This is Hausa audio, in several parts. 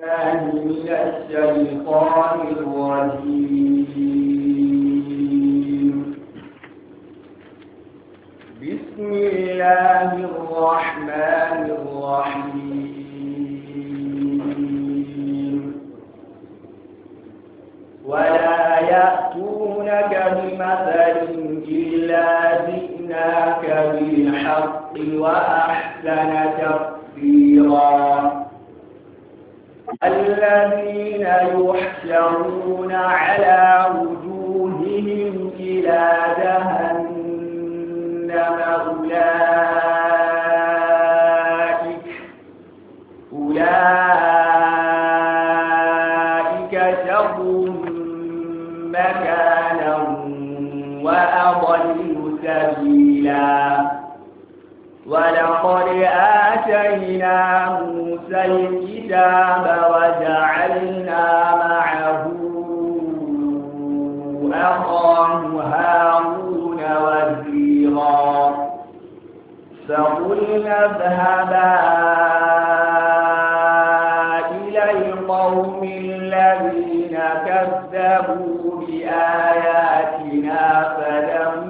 من الشيطان الرجيم بسم الله الرحمن الرحيم ولا يأتونك بمثل إلا جئناك بالحق وأحسن تفسيرا الذين يحشرون على وجوههم إلى جهنم أولئك أولئك شر مكانا وأضل سبيلا ولقد آتينا موسى الكتاب وجعلنا معه أخاه هارون وزيرا فقلنا اذهبا إلى القوم الذين كذبوا بآياتنا فلما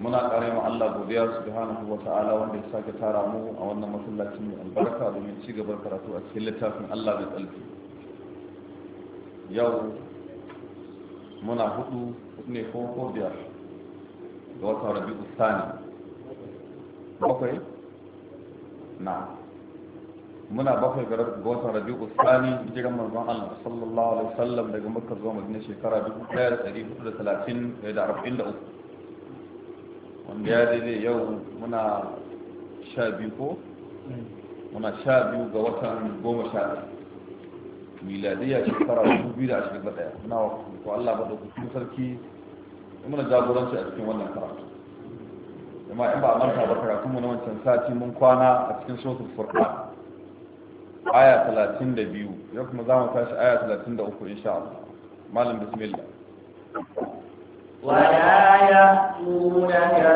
muna ƙare ma Allah godiya subhanahu wa ta'ala wanda ya sake tara mu a wannan masallacin mai albarka domin ci gaba karatu a cikin littafin Allah mai tsalki yau muna hudu ne ko ko biyar ga watan rabi'u sani bakwai na muna bakwai ga watan rabi'u sani jiran manzon Allah sallallahu alaihi wasallam daga makka zuwa madina shekara 1433 wanda ya daidai yau muna sha biyu ko? muna sha biyu ga watan goma sha biyu. miladiyya shekara 2021 muna wa Allah ba da kusurin sarki muna jagoranci a cikin wannan karatu amma in ba a manta ba karatu mu na wancan sati mun kwana a cikin sosul furka aya biyu, yau kuma za mu tashi aya talatin 33 insha Allah malam bismillah يأتونك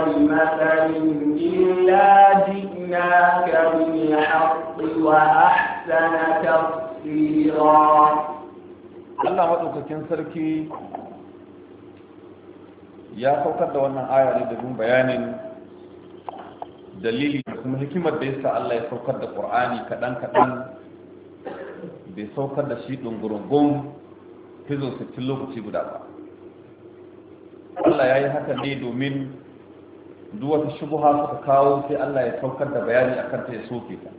بمثل إلا جئناك بالحق وأحسن تفسيرا Allah maɗaukakin sarki ya saukar da wannan aya ne domin bayanin dalili da kuma hikimar da yasa Allah ya saukar da ƙur'ani kaɗan-kaɗan bai saukar da shi ɗungurungun fizo cin lokaci guda ba. Allah ya yi haka ne domin duwata shubuha suka kawo sai Allah ya saukar da bayani a kanta ya soke ta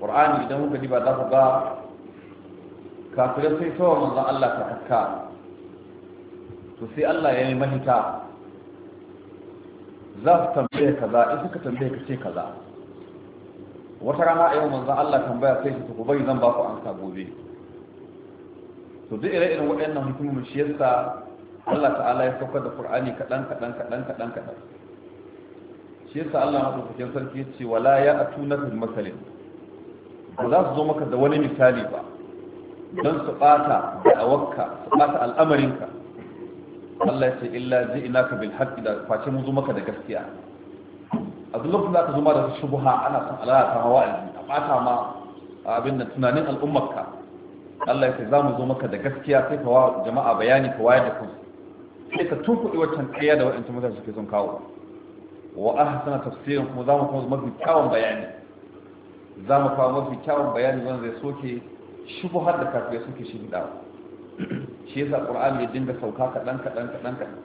ƙur'ani idan muka ji ba za ku ga kafirai sai tsawon manzan Allah ta kakka to sai Allah ya yi mahita za su tambaye kaza in suka tambaye ka ce kaza wata rana a yau manzan Allah tambaya sai su ku bai zan ba ku an gobe to duk ire-iren waɗannan hukumomin shi yasa Allah ta'ala ya saukar da Qur'ani kaɗan kaɗan kaɗan kaɗan kaɗan shi yasa Allah madaukakin sarki ya ce wala ya atuna bil masalin ba za su zo maka da wani misali ba don su ɓata da'awarka su ɓata al'amarinka Allah ya ce illa ina ka bil haqqi da face mun zo maka da gaskiya a duk lokacin da aka zo ma da shubha ana son alata hawa a ɓata ma abin da tunanin al'ummarka Allah ya ce za mu zo maka da gaskiya sai kawa jama'a bayani ka wayar da kansu sai ka tunkuɗi wancan ɗaya da waɗancan mutane suke son kawo wa ahsana tafsirin kuma za mu zama mafi kyawun bayani za mu kawo mafi kyawun bayani wanda zai soke har da ya suke shi da shi yasa qur'an ya dinga sauka kaɗan kaɗan kaɗan kaɗan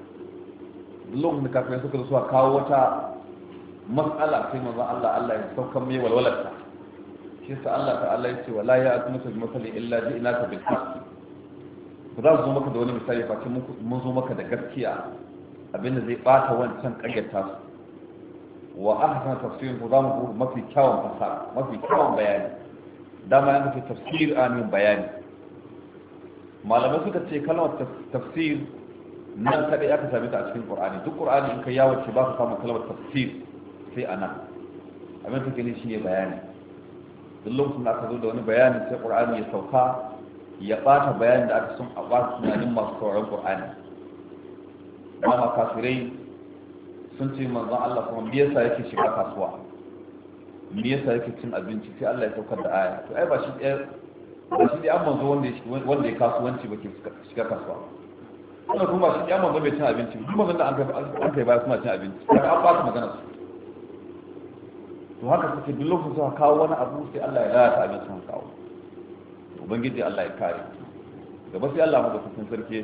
lokacin da kafin ya soke zuwa kawo wata matsala sai manzon Allah Allah ya saukan mai ta. shi sa Allah ta'ala ya ce wala ya azmuka bi masali illa ji'naka bil haqq ku za su zo maka da wani misali fa mun zo maka da gaskiya abinda zai bata wancan karyata su wa ahsan tafsirin ku zamu mu ku mafi kyawun fasaha mafi kyawun bayani dama yana ce tafsir amin bayani malamai suka ce kalmar tafsir nan kadai aka same ta a cikin qur'ani duk qur'ani in ka yawo ce ba ka samu kalmar tafsir sai anan abin take ne shine bayani duk kuma aka zo da wani bayani sai qur'ani ya sauka ya bata bayanin da aka sun a bata tunanin masu sauraron qur'ani amma kafirai sun ce manzon Allah kuma me yasa yake shiga kasuwa me yasa yake cin abinci sai Allah ya saukar da aya to ai ba shi ba shi an manzo wanda ya wanda ya kasuwanci ba ke shiga kasuwa wannan kuma shi shi ya manzo bai cin abinci ba kuma manzo da an kai ba suna cin abinci kaga an ba su magana su to haka suke duk lokacin suka kawo wani abu sai Allah ya lalata abin sun kawo ubangiji Allah ya kare gaba sai Allah maka cikin sarki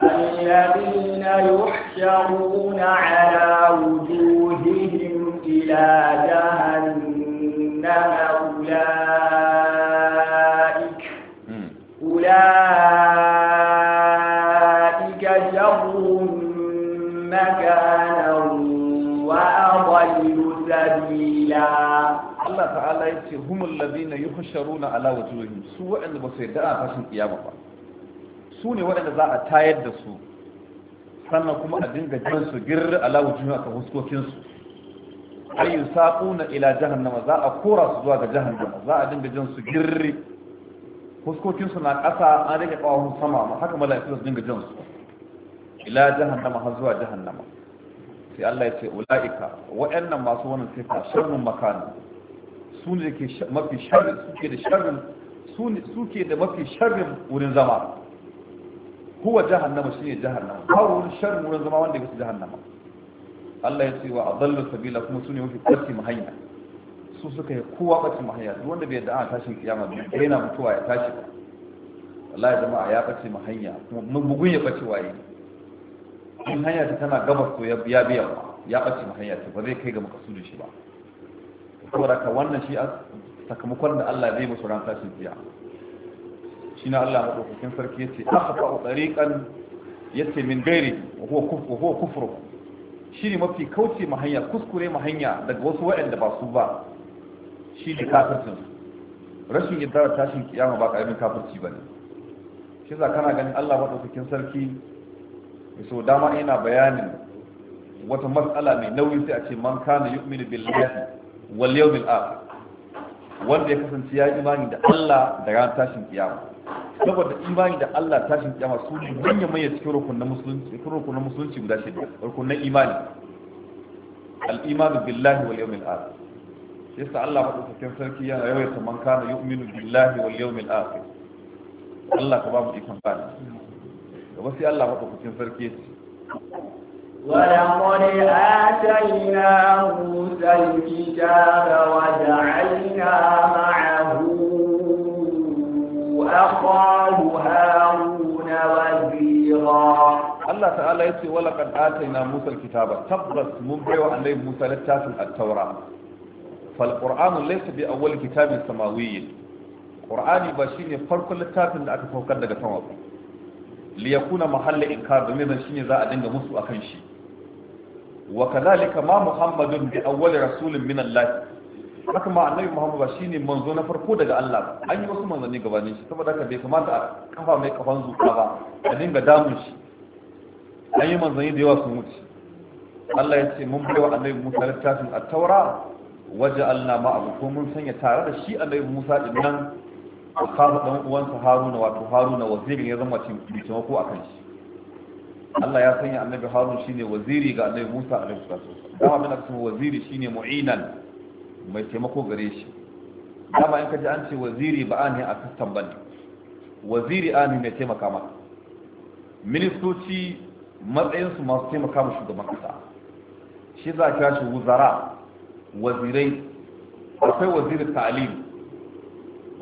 الذين يحشرون على وجوههم إلى جهنم أولئك ce humul ladina yuhsharuna ala wujuhihim su waɗanda ba su yarda a tashin kiyama ba su ne waɗanda za a tayar da su sannan kuma a dinga jiran su girra ala wujuhihim akan huskokin su ay yusaquna ila jahannama za a kora su zuwa ga jahannama za a dinga jin su girri huskokin su na ƙasa an rage ƙawahun sama amma haka mala'iku su dinga jin su ila jahannama har zuwa jahannama sai Allah ya ce ula'ika wa'annan masu wannan sifa sharrun makani su ke mafi suke da mafi sharrin wurin zama huwa jahannama shine jahannama ba wurin sharrin wurin zama wanda ya yake jahannama Allah ya ce wa adallu sabila kuma su ne mafi kwaci mahanya su suka yi kowa kwaci mahanya duk wanda bai yadda ana tashin kiyama bai yana mutuwa ya tashi ba ya zama a ya kwaci mahanya kuma bugun ya kwaci waye in hanya ta tana gabas to ya biya biya ya kwaci mahanya ta ba zai kai ga makasudin shi ba saboda ka wannan shi a sakamakon da Allah zai musu ran tashin biya shi na Allah ɗaukakin sarki yace aka fa'u ya yace min gairi ko kufru shi ne mafi kauce ma hanya kuskure ma hanya daga wasu waɗanda ba su ba shi ne kafircin rashin yadda tashin kiyama ba ƙaramin kafirci ba ne shi za kana ganin Allah ɗaukakin sarki so dama yana bayanin wata matsala mai nauyi sai a ce man kana yu'minu billahi wal yawmil akhir wanda ya kasance ya imani da Allah da ran tashin kiyama saboda imani da Allah tashin kiyama su ne manya manya cikin rukunin musulunci cikin rukunin musulunci guda shida rukunin imani al-imanu billahi wal yawmil akhir yasa Allah ta madaukakin sarki yana yawaita man kana yu'minu billahi wal yawmil akhir Allah ka ba mu ikon bani gaba sai Allah madaukakin sarki ولقد آتينا موسى الكتاب وجعلنا معه أخاه هارون وزيرا الله تعالى يقول ولقد آتينا موسى الكتاب تبرس مبعو أن لي موسى لتاس التوراة فالقرآن ليس بأول كتاب سماوي القرآن بشيني فرق لتاس من أكثر فوقان ليكون محل إنكار دميما شيني زاء دنجا موسى أخنشي wa kadhalika ma muhammadun bi rasulun rasulin min allah haka ma annabi muhammad ba shine manzo na farko daga allah an yi wasu manzanni gabanin shi saboda haka bai kamata a kafa mai kafan zuka ba a dinga damun shi an yi manzanni da yawa su mutu. allah ya ce mun baiwa annabi musa littafin a taura waja'alna ma'ahu ko mun sanya tare da shi annabi musa din nan kafa dan uwansa haruna wato haruna wazirin ya zama cin taimako a shi Allah ya sanya annabi harun shine waziri ga annabi musa alaihi salatu wasallam dama muna cewa waziri shine mu'inan mai taimako gare shi dama in ka ji an ce waziri ba an ne a sistan bane waziri an ne mai taimaka maka ministoci matsayinsu masu taimaka mu shugaban kasa shi za ka shi wuzara wazirai akwai wazirin ta'alim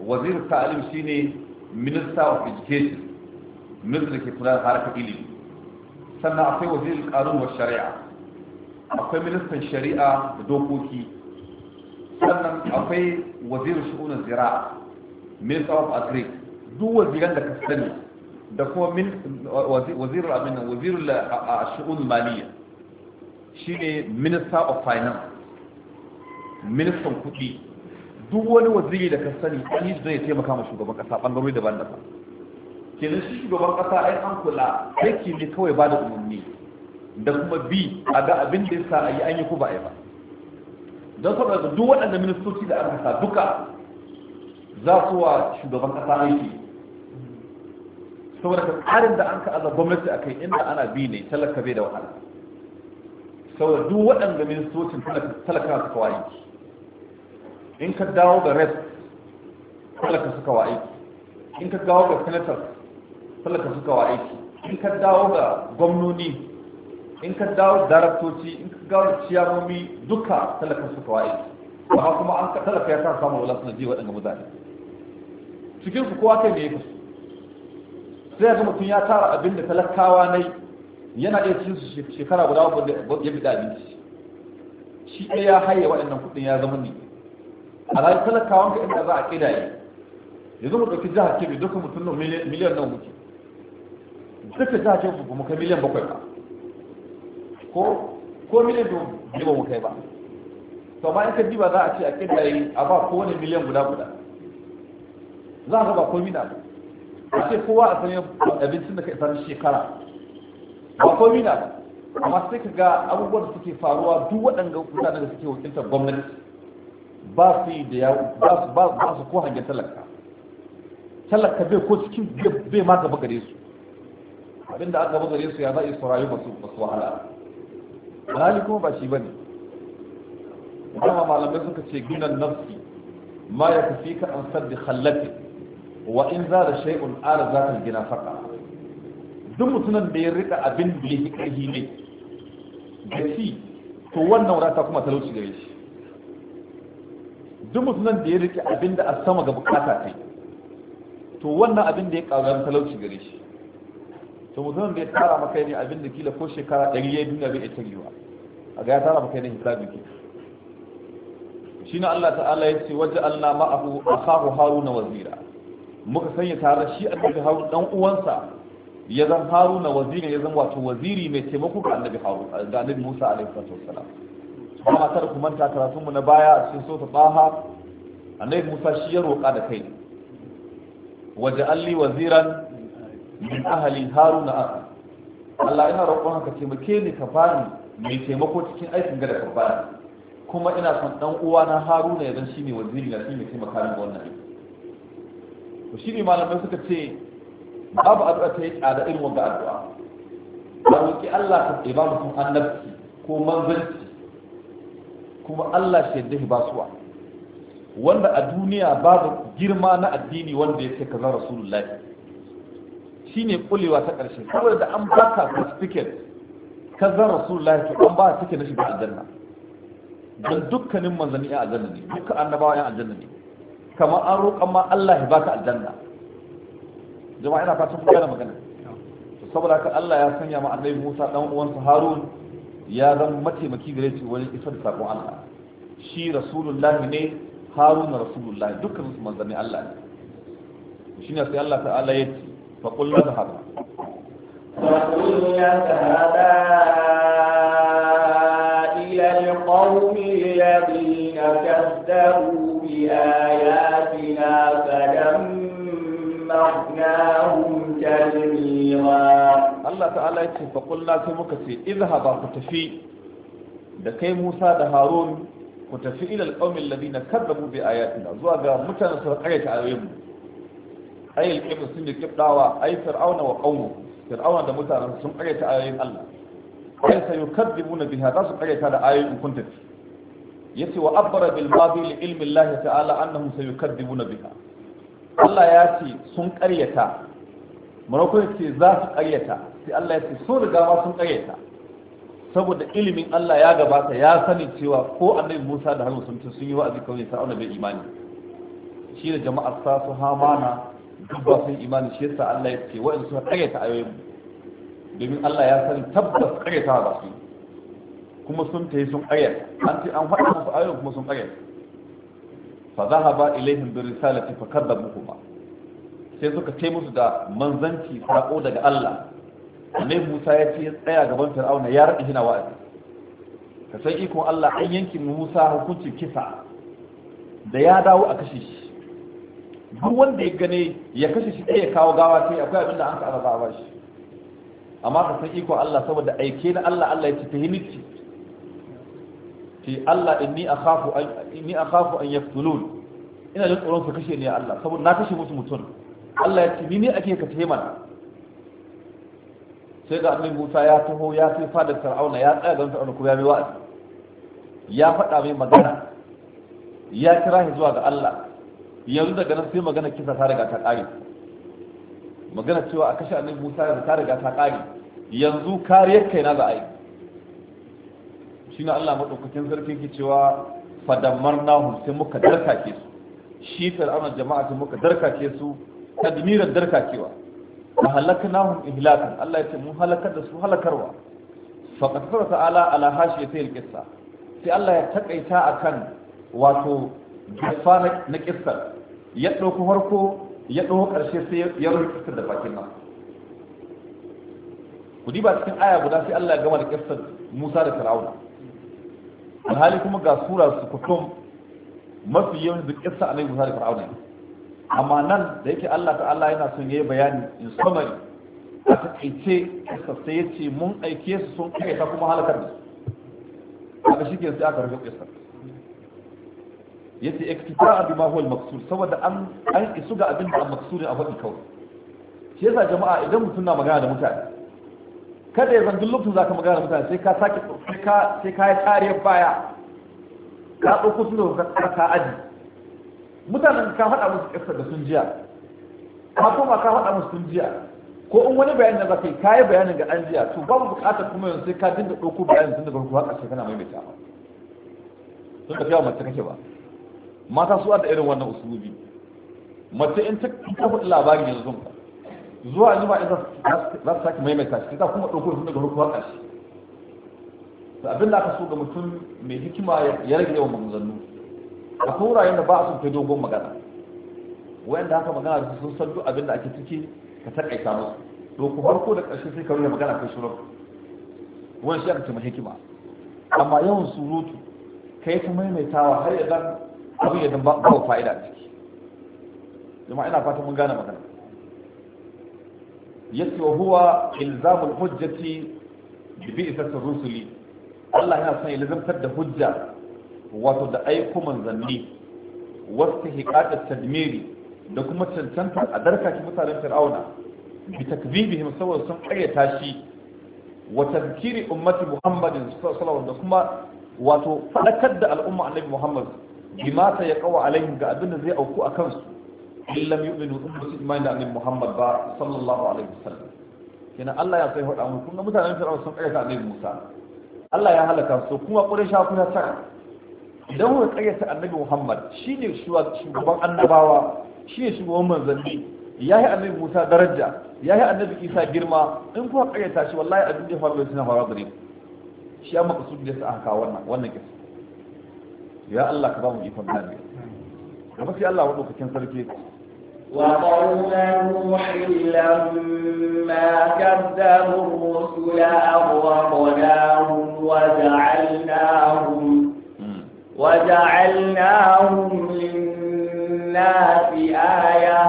wazirin ta'alim shine Minista of education Minista da ke kula da harkar ilimi sannan akwai wazirin ƙarun wa shari'a akwai ministan shari'a da dokoki sannan akwai wazirin shi'unan zira minister of agri duk waziran da ka sani da kuma wazirin abin nan wazirin a shi'un maliya shi ne minister of finance ministan kuɗi duk wani waziri da ka sani an yi zai taimaka ma shugaban ƙasa ɓangarori daban-daban kenan shi shugaban kasa ai an kula aiki ne kawai ba da umarni da kuma bi a ga abin da yasa a yi an yi ku ba a yi ba don saboda duk waɗannan ministoci da aka sa duka za su wa shugaban kasa aiki saboda tsarin da an ka ka'aza gwamnati akai inda ana bi ne talaka bai da wahala saboda duk waɗanda ministocin talaka suka wa aiki in ka dawo ga res talaka suka wa aiki in ka dawo ga senators talaka suka wa aiki in ka dawo ga gwamnoni in ka dawo da daraktoci in ka dawo ciyarwomi duka talaka suka wa aiki amma kuma an ka talaka ya sa samun wala suna ji waɗanda mutane cikin su kowa kai ne ya kasu sai ga mutum ya tara abin da talakawa na yana iya cin su shekara guda ya bi da abinci shi ɗaya ya haye waɗannan kuɗin ya zama ne a rayu talakawan ka inda za a ƙidaye yanzu mu ɗauki jihar kebbi duka mutum miliyan nan muke da sashen ku kuma miliyan bakwai ba ko ko miliyan biyu ba mu kai ba to ma in ka diba za a ce a kidaye a ba kowane miliyan guda guda za a ba komi na a ce kowa a sanya abincin da ka isar shekara ba komi na ba amma sai ka ga abubuwan da suke faruwa duk waɗanda mutanen da suke wakiltar gwamnati ba su yi da yawo ba su ko hangen talaka talaka bai ko cikin bai ma gaba gare su abinda aka gaba gare su ya za'i su rayu ba masu wahala alhali kuma ba shi ba ne kuma malamai suka ce ginan nafsi ma ya kafi ka an saddi hallafi wa in za da shay'un ala za ka gina faka duk mutunan da ya rika abin da ya fi ƙarfi ne da ci to wannan wadata kuma talauci gare shi duk mutunan da ya rike abin da a sama ga bukata kai to wannan abin da ya ƙaru talauci gare shi to mu zan ya tara maka ne abin da kila ko shekara ɗari ya duniya bai ita yiwa a ga ya tara maka ne hisabi ke shi na Allah ta'ala ya ce waje Allah ma'ahu Haru na wazira muka sanya tare shi annabi Haru dan uwansa ya zan Haru na wazira ya zan wato waziri mai taimako ga annabi Haru. ga annabi musa alaihi salatu wassalam kuma tar kuma ta karatun mu na baya a cikin sota baha annabi musa shi ya roƙa da kai waje alli waziran min ahalin haruna akhi Allah ina roƙon haka taimake ni ka bani mai taimako cikin aikin gada ka bani kuma ina son dan uwa na haruna ya zan shi ne waziri na shi ne taimaka min wannan to shi ne malamai suka ce babu addu'a ta yi tsada irin wanda addu'a ba ki Allah ka mu mutum annabci ko manzanci kuma Allah shi yadda ba suwa wanda a duniya babu girma na addini wanda ya ce ka kazan rasulullahi Shi ne kulewa ta ƙarshe saboda da an ba baka certificate ka zan rasulullahi to an ba ticket na shiga aljanna don dukkanin manzanni a aljanna ne duka annabawa yan aljanna ne kamar an roƙa ma Allah ya baka aljanna jama'a ina fatan ku gane magana saboda haka Allah ya sanya ma annabi Musa dan uwansa Harun ya zan mataimaki gare shi wajen isar da sakon Allah shi rasulullahi ne Harun rasulullahi dukkan su manzanni Allah ne shine sai Allah ta'ala ya ce فقلنا ماذا فقلنا فقل إلى القوم الذين كذبوا بآياتنا فدمرناهم تدميرا الله تعالى يتسف فقلنا لا تمكسي اذهب فتفي لكي موسى دهارون كنت إلى القوم الذين كذبوا بآياتنا زوا متى نصر قريت عليهم ay al-qibr sun yi kibdawa ay fir'auna wa qawmu fir'auna da mutanen sun ƙaryata ayoyin Allah ay na biha za su ƙaryata da ayoyin Ya ce wa abbara bil madi li ilmi Allah ta'ala annahum na biha Allah ya ce sun ƙaryata manakon ce za su ƙaryata sai Allah ya ce sun riga ma sun ƙaryata saboda ilimin Allah ya gabata ya sani cewa ko annabi Musa da Harun sun ci sun yi wa'azi kawai sai auna bai imani shi da jama'ar sa su hamana duk ba sun imani shi yasa Allah ya ce wa'in suka karyata ayoyin domin Allah ya sani tabbas karyata ba su kuma sun tayi sun karyata an ce an faɗa musu ayoyin kuma sun karyata fa zahaba ilaihim bi risalati fa kadzabuhuma sai suka ce musu da manzanci sako daga Allah Annabi Musa ya ce ya tsaya gaban Fir'auna ya rade hina wa'azi ka san ikon Allah an yanki Musa hukuncin kisa da ya dawo a kashe shi duk wanda ya gane ya kashe shi ɗaya kawo gawa sai akwai abinda an ka ba shi amma ka san iko Allah saboda aike na Allah Allah ya ci ta hinici ce Allah inni akhafu an inni akhafu an yaftulun ina jin tsoron su kashe ne Allah saboda na kashe musu mutum Allah ya ce ni ne ake ka taimaka? sai ga annabi Musa ya taho ya fi fadar Fir'auna ya tsaya don Fir'auna kuma ya mai wa'azi ya faɗa mai magana ya kira shi zuwa ga Allah yanzu daga nan sai magana kisa ta riga ta kare magana cewa a kashe annabi musa yanzu ta riga ta kare yanzu kariyar kai na za a yi shine allah madaukakin sarki ke cewa fadammar nahu sai muka ke su shi fir'aunar jama'a sai muka ke su tadmirar darkakewa wa halaknahum ihlakan allah ya ce mun halakar da su halakarwa faqad ta'ala ala hashiyati al-qissa sai allah ya takaita akan wato gafa na kissar ya ɗauko farko ya ɗauko ƙarshe sai ya rufe kisar da bakin nan ku ba cikin aya guda sai Allah ya gama da kisar Musa da Fir'auna alhali kuma ga sura su kutum mafi yawan da kisar Annabi Musa da Fir'auna amma nan da yake Allah Allah yana son yayi bayani in summary a takaice kisar sai ya ce mun aike su sun kai ta kuma halakar da su haka shi ke sai aka rufe kisar yace iktifa'a bima huwa al maqsur saboda an an isu ga abin da maqsudin a faɗi kawai shi yasa jama'a idan mutum na magana da mutane kada ya zanga duk lokacin zaka magana da mutane sai ka saki sai ka sai ka yi tariyar baya ka ɗauko su da ka ka aji mutanen ka faɗa musu ƙasar da sun jiya ka koma ka faɗa musu sun jiya ko in wani bayanin da za ka yi ka yi bayanin ga an jiya to babu buƙatar kuma yanzu sai ka dinga ɗauko bayanin tun daga farko har ƙarshe kana maimaita ba tun da yawa mace kake ba mata su da irin wannan usulubi mace in ta kafa labari yanzu sun zuwa zuwa in za su sake maimaita shi ta kuma ɗauko su daga hukumar ƙarshe da abin da aka so ga mutum mai hikima ya rage yawan manzannu a korayen da ba a sun kai dogon magana wayanda haka magana su sun san duk abin da ake ciki ka takaita musu to ku farko da ƙarshe sai ka rubuta magana kai shurup wani shi aka ce hikima amma yawan surutu kai ta maimaitawa har ya zan abin yadda ba ba fa'ida a ciki jama'a ina fata mun gane magana yace wa huwa ilzamul hujjati bi bi'satir rusuli Allah yana son ya lazamtar da hujja wato da aiko manzanni wasu da tadmiri da kuma cancanta a darkaki mutanen fir'auna bi takzibihim saboda sun karyata shi wa tadhkiri ummati muhammadin sallallahu da kuma wato fadakar da al'umma annabi muhammad bima ta ya kawo alaihim ga abin da zai auku a kansu illam yu'minu in ba su imani da annabi Muhammad ba sallallahu alaihi wasallam kenan Allah ya sai hada mu kuma mutanen Fir'aun sun ta annabi Musa Allah ya halaka su kuma Quraysha kuna ta idan kuka ta annabi Muhammad shine shugaban annabawa shine shugaban manzanni yayi annabi Musa daraja yayi annabi Isa girma in kuka ta shi wallahi abin da faru da suna faru da ne shi amma kusur da sa aka wannan wannan kisa يا الله ka ba mu ikon gane da mafi Allah wa dokokin sarki وقوما نوح لما كذبوا الرسل أغرقناهم وجعلناهم وجعلناهم للناس آية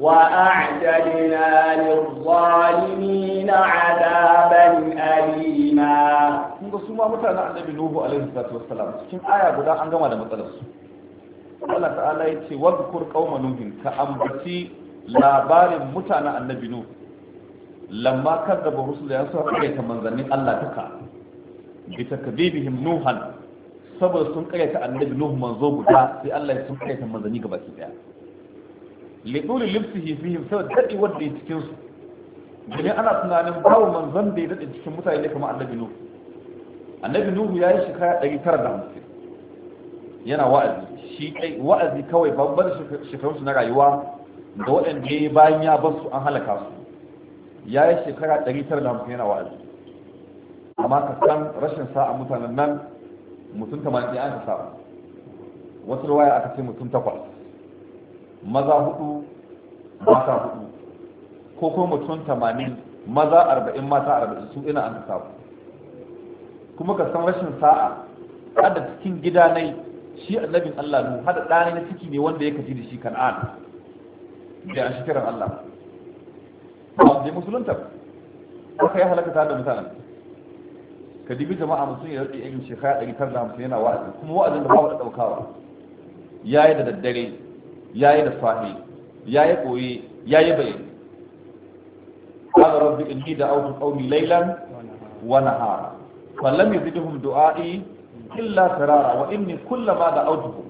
وأعتدنا للظالمين عذابا أليما kun ga su ma mutanen annabi nuhu alaihi salatu wassalam cikin aya guda an gama da matsalar su Allah ta'ala ya ce wadhkur qauma nuhin ka ambaci labarin mutanen annabi nuhu lamma kadzaba rusula ya sa kai ta manzannin Allah duka bi takdibihim nuhan saboda sun karyata annabi nuhu manzo guda sai Allah ya sun karyata manzanni gabaki daya lidul libsihi fihim saboda dadi wadda ya cikin su domin ana tunanin babu manzon da ya daɗe cikin mutane kamar annabi nuhu annabi nuhu ya yi shekara ɗari tara da hamsin, yana wa'azi shi kai wa'azi kawai babban shekarunsu na rayuwa da waɗanda ya bayan ya bar su an halaka su ya yi shekara ɗari tara da hamsin yana wa'azi amma ka san rashin sa'a mutanen nan mutum tamanin 80 an ka samu wasu ruwaya aka ce mutum takwas maza hudu mata hudu ko kuma mutum tamanin, maza arba'in mata arba'in su ina an ka samu kuma ka san rashin sa'a hada cikin gida nai shi annabin Allah ne. hada ɗani na ciki ne wanda ya kaji da shi kan'an da an shekarar Allah ba da musulunta ka yi halaka ta da mutanen ka dibi jama'a mutum ya rage irin shekara ɗari tara da hamsin yana wa'azi kuma wa'azin da babu da ɗaukawa ya yi da daddare ya yi da safe ya yi koye ya yi bayani قال da إني دعوت lailan ليلا ونهارا فلم يزدهم دعائي إلا فرارا وإني كلما دعوتهم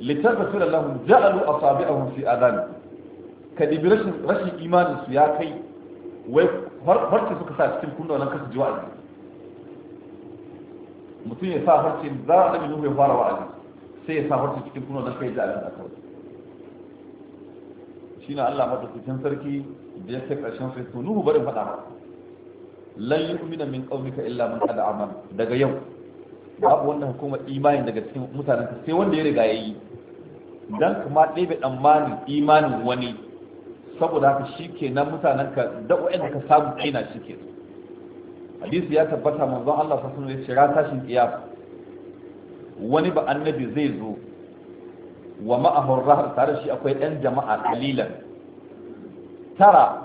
لتغفر لهم جعلوا أصابعهم rashin آذانهم كدب رشن رشن إيمان سياكي وفرق سكسا تكون كنا ولم كسر جوائز mutum ya sa harcin za a ɗabi nuhu ya fara wa'azi sai ya sa harcin cikin kuna kai jami'in a kawai shi na allah matakacin sarki da ya sai ƙarshen sai nuhu barin faɗa masa lan yu'mina min qaumika illa man qad amana daga yau babu wanda hukuma imanin daga cikin mutanen ka sai wanda ya riga yayi dan kuma ɗebe tsammanin imanin wani saboda haka nan mutanen ka da wa'anda ka samu kaina shike hadisi ya tabbata manzon Allah sallallahu alaihi wasallam ya shira tashin kiyama wani ba annabi zai zo wa ma'ahu rahar tare shi akwai ɗan jama'a kalilan tara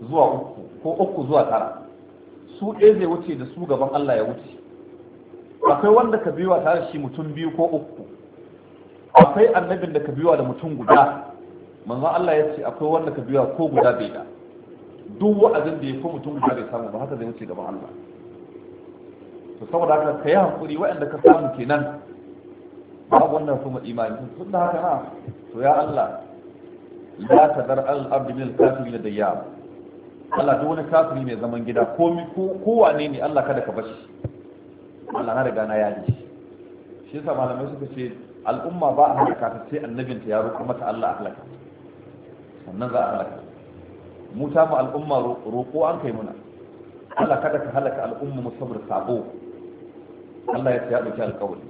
zuwa uku ko uku zuwa tara su ɗaya zai wuce da su gaban Allah ya wuce akwai wanda ka biyuwa tare da shi mutum biyu ko uku akwai annabin da ka biyuwa da mutum guda manzon Allah ya ce akwai wanda ka biyuwa ko guda bai da duk wa'azin da ya ko mutum guda bai samu ba haka zai wuce gaban Allah to saboda haka ka yi hankuri waɗanda ka samu kenan babu wannan su ma imani sun da haka na to ya Allah la tadar al-abdi min al-kafirin da yawa? Allah duk wani kafiri mai zaman gida ko kowane ne Allah kada ka bashi Allah na riga na yaji shi yasa malamai suka ce al'umma ba a halaka ta sai annabin ta ya roƙo mata Allah halaka sannan za a halaka mu ta mu al'umma roƙo an kai muna Allah kada ka halaka al'umma mu sabo Allah ya ya dauki alƙawari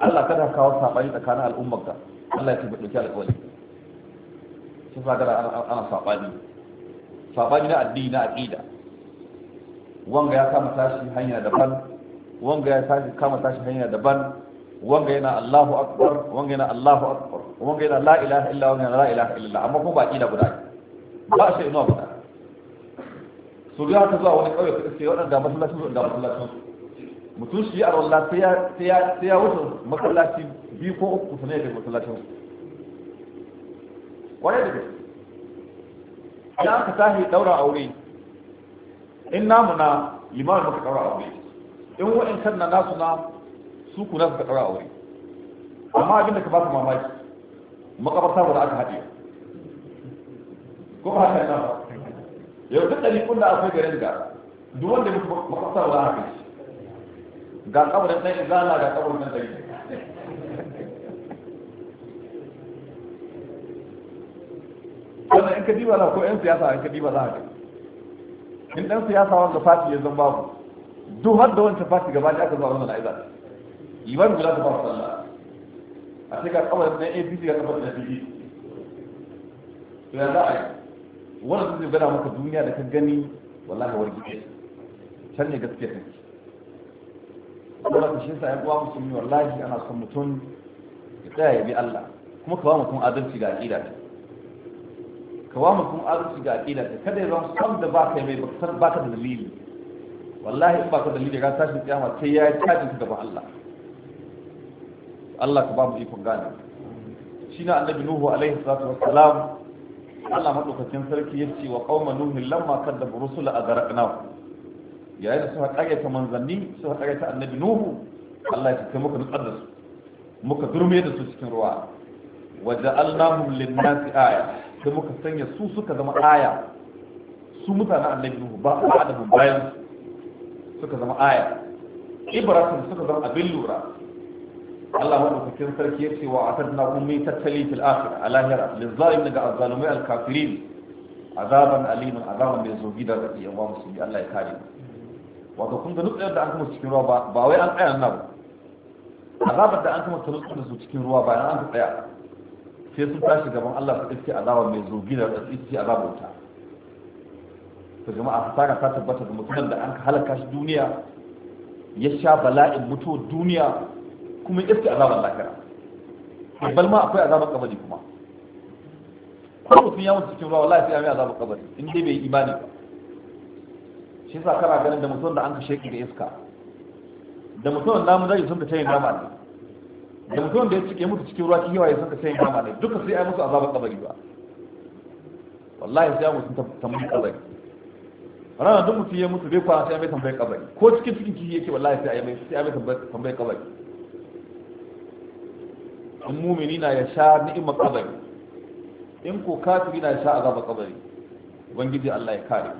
Allah kada ka kawo sabani tsakanin al'ummar ka Allah ya ce ba dauki alƙawari shi fa gara ana sabani sabani na addini na aqida wanga ya kama tashi hanya daban wanga ya tashi kama tashi hanya daban wanga yana Allahu akbar wanga yana Allahu akbar wanga yana la ilaha illa wanga yana la ilaha illa amma ko ba aqida guda ba sai no ba su ga ta zuwa wani kauye sai wadanda masallacin su da masallacin mutum shi a wallah sai ya sai ya sai ya wuce masallaci biyu ko uku ne da masallacin kwarai da gaske idan aka tashi daura aure in namu na limamin muka daura aure in wa'in kan na nasu na su ku nasu ka daura aure amma abin da ka ba su mamaki makabarta guda aka haɗe ko haka yana ba yau duk ɗari kun da akwai garin ga duk wanda makabarta guda haka ga kabarin ɗan izala ga kabarin ɗan ɗari ka diba na ko yan siyasa in ka diba za a ga in dan siyasa wanda fati ya zama babu duk har da wancan fati gaba da aka zo wannan aiza liman guda ta fara sallah a sai ga kawai na APC ga kafa da PDP to ya za a yi wannan zai gana maka duniya da ka gani wallahi wargi can ne gaskiya take Allah shi sa ya kuwa musulmi wallahi ana son mutum ya tsaya ya bi Allah kuma ka ba mutum adalci ga ta. ka wa mutum arziki ga aƙida ka kada ya zama sam da ba ka mai ba ka da dalili wallahi in ba ka dalili ga tashin kiyama sai ya yi cajin ka gaban Allah Allah ka ba mu ikon gane shi na annabi nuhu alaihi salatu wassalam Allah madaukakin sarki ya ce wa qauma nuhu lamma kadzabu rusula agarqnahu yayin da suka karyata manzanni suka karyata annabi nuhu Allah ya tsaya muka nutsar da su muka durme da su cikin ruwa wa ja'alnahum lin-nasi aya sai muka sanya su suka zama aya su mutanen annabi nuhu ba a adabin bayan suka zama aya ibrahim suka zama abin lura Allah madaukakin sarki ya ce wa atadna kun mai tattali fil akhirah a lahira lizalim daga azzalumai alkafirin azaban azaban mai zogi da zaki musulmi Allah ya kare wato kun ga nutsayar da an kuma cikin ruwa ba wai an tsaya nan ba azabar da an kuma da su cikin ruwa bayan an tsaya sai sun tashi gaban Allah su iske azaba mai zogi da su iske azaba wuta to jama'a hasara ta tabbata da mutumin da an halaka shi duniya ya sha bala'in mutu duniya kuma iske azaban lakara bal ma akwai azaban kabari kuma Kuma mutum ya mutu cikin ruwa wallahi sai ya mai azaban kabari in dai bai imani ba shi sa kana ganin da mutum da an ka ki da iska da mutum da namu zai sun da tayin nama ne da mutum da ya cike mutu cikin ruwa kiyawa ya san sai ya kama ne duka sai ya musu azabar kabari ba wallahi sai musu tambayi kabari ranar duk mutum ya mutu bai kwana sai mai tambayi kabari ko cikin cikin kihi yake wallahi sai ya mai mai tambayi kabari in mumini na ya sha ni'imar kabari in ko kafiri na ya sha azabar kabari ubangiji Allah ya kare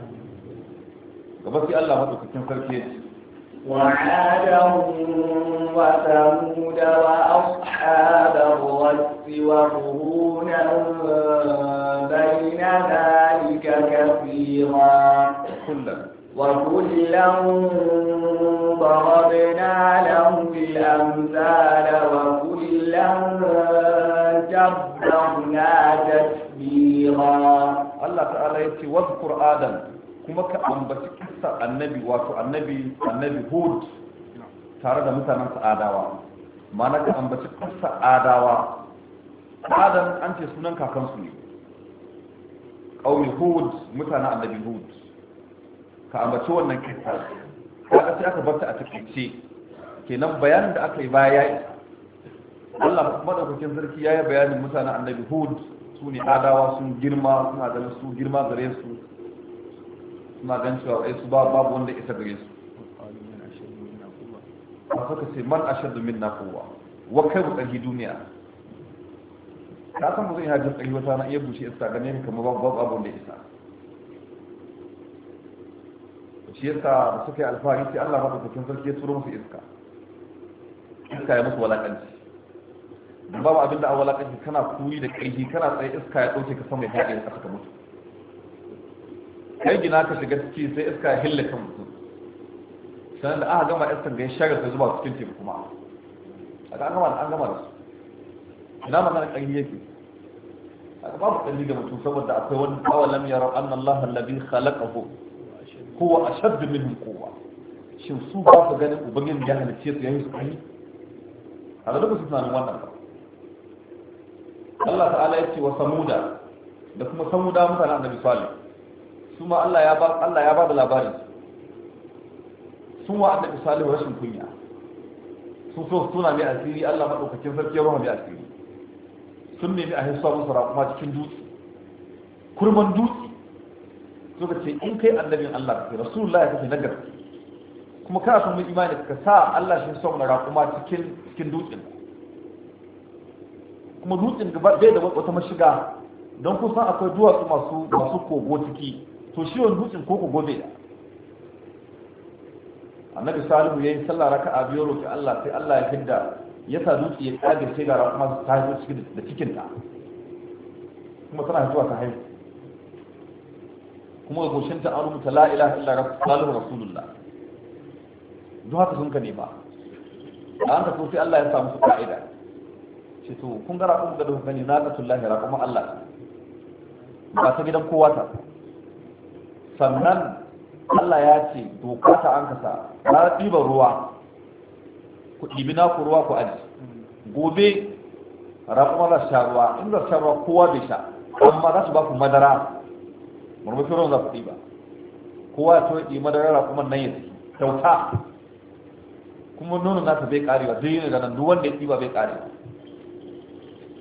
gaba sai Allah madaukakin sarki ya ce وعادا وثمود وأصحاب الرس وقرونا بين ذلك كثيرا وكلا ضربنا له الأمثال وكلا جبرنا تتبيرا الله تعالى يقول واذكر آدم kuma ka ambaci kista annabi wato annabi annabi hud tare da mutanen adawa mana ka ambaci kissa adawa adam an ce sunan kakansu ne ƙauye hud mutanen annabi hud ka ambaci wannan kista. kaga sai aka barta a takaice kenan bayanin da aka yi baya ya Allah madaukakin sarki ya yi bayanin mutanen annabi hud su ne adawa sun girma suna ganin su girma gare su suna gan cewa a su babu wanda isa gare su a suka ce man ashaddu na kowa wa kai mu tsarki duniya ta san mutum yana jin tsarki wata na iya bushe iska gane ni kamar babu babu da isa shi yasa da suka yi alfahari sai Allah madaukakin sarki ya turo musu iska iska ya musu walakanci babu abin da a walakanci kana kuri da ƙarfi kana tsaye iska ya ɗauke ka sama ya haɗe ka suka mutu kai gina ka shiga ciki sai iska ya hille mutum sannan da aka gama iskar ga shagar ta zuba cikin teku kuma a an gama da an gama da su ina magana ƙarfi yake aka babu ƙarfi ga mutum saboda akwai wani awalam ya rau an Allah allazi khalaqahu huwa ashadd minhum quwwa shin su ba su ganin ubangin ya halice su yayin su kai kada duk su tunanin wannan ba Allah ta'ala ya ce wa samuda da kuma samuda mutanen annabi salih su ma Allah ya ba Allah ya ba da labarin sun wa misali rashin kunya sun so suna mai asiri Allah madaukakin sarki ruwa mai asiri sun nemi a hissa musu rakuma cikin dutse kurman dutse suka ce in kai annabin Allah kai rasulullah ya kace nagar kuma kana son mun imani ka sa Allah shi son rakuma cikin cikin dutsen kuma dutsen gaba bai da wata mashiga don kusan akwai duwatsu masu masu kogo ciki to shi wani hutsin ko ku gobe da annabi salihu ya yi sallah raka a biyo roƙi allah sai allah ya hidda ya sa dutse ya tsage sai ga kuma ta haihu da cikin ta kuma tana zuwa ta haihu kuma ga goshin ta an rubuta la ilaha illa salihu rasulullah duk haka sun ka nema a an ka so sai allah ya samu su ka'ida ce to kun gara kuma ga da hukani na ka lahira kuma allah ba ta gidan kowa ta sannan Allah ya ce doka ta an kasa a ɗiba ruwa ku ɗibi naku ruwa ku aji gobe rafuwa za sha ruwa in sha ruwa kowa bai sha amma za su ba ku madara murmushin ruwan za ku ɗiba kowa ya toye ɗi madara rafuwan nan ya saki kyauta kuma nuna nasa bai ƙarewa duk yin nan duwan wanda ya ɗiba bai karewa